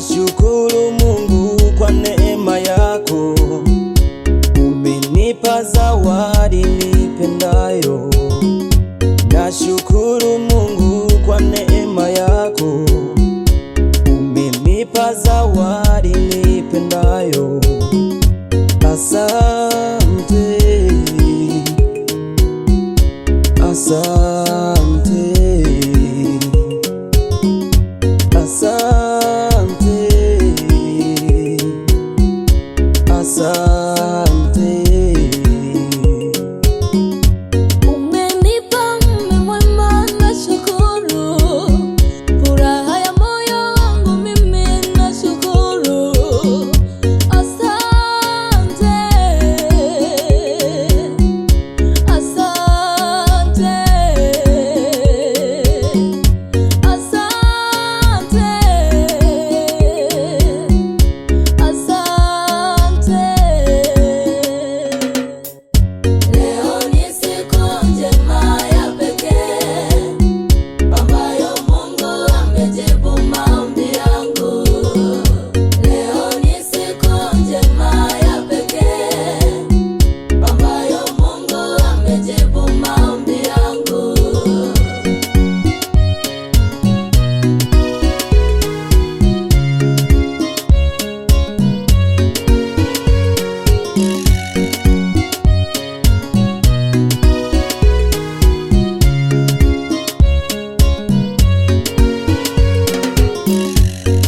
Nashukuru Mungu kwa ne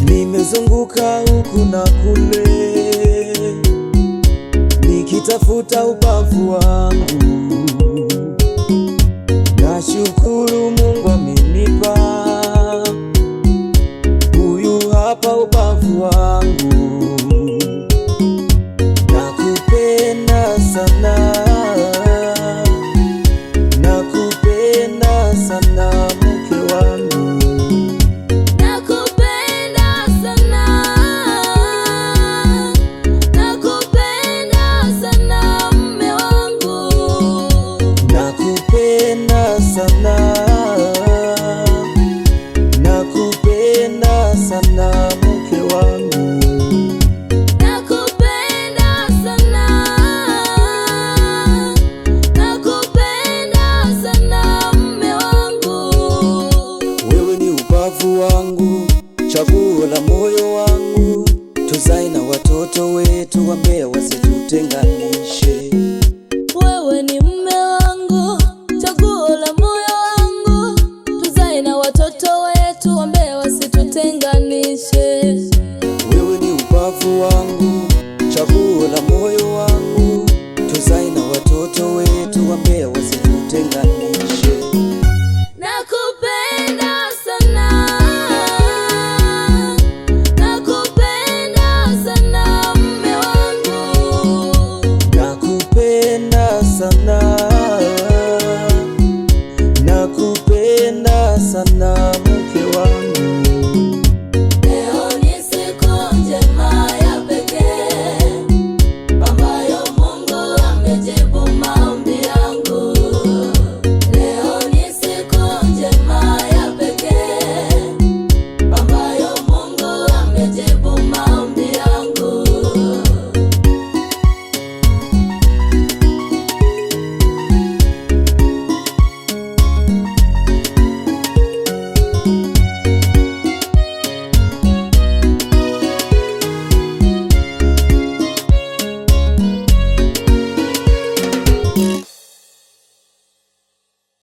Nimezunguka huku na kule nikitafuta ubavu wangu Nashukuru Mungu I'm not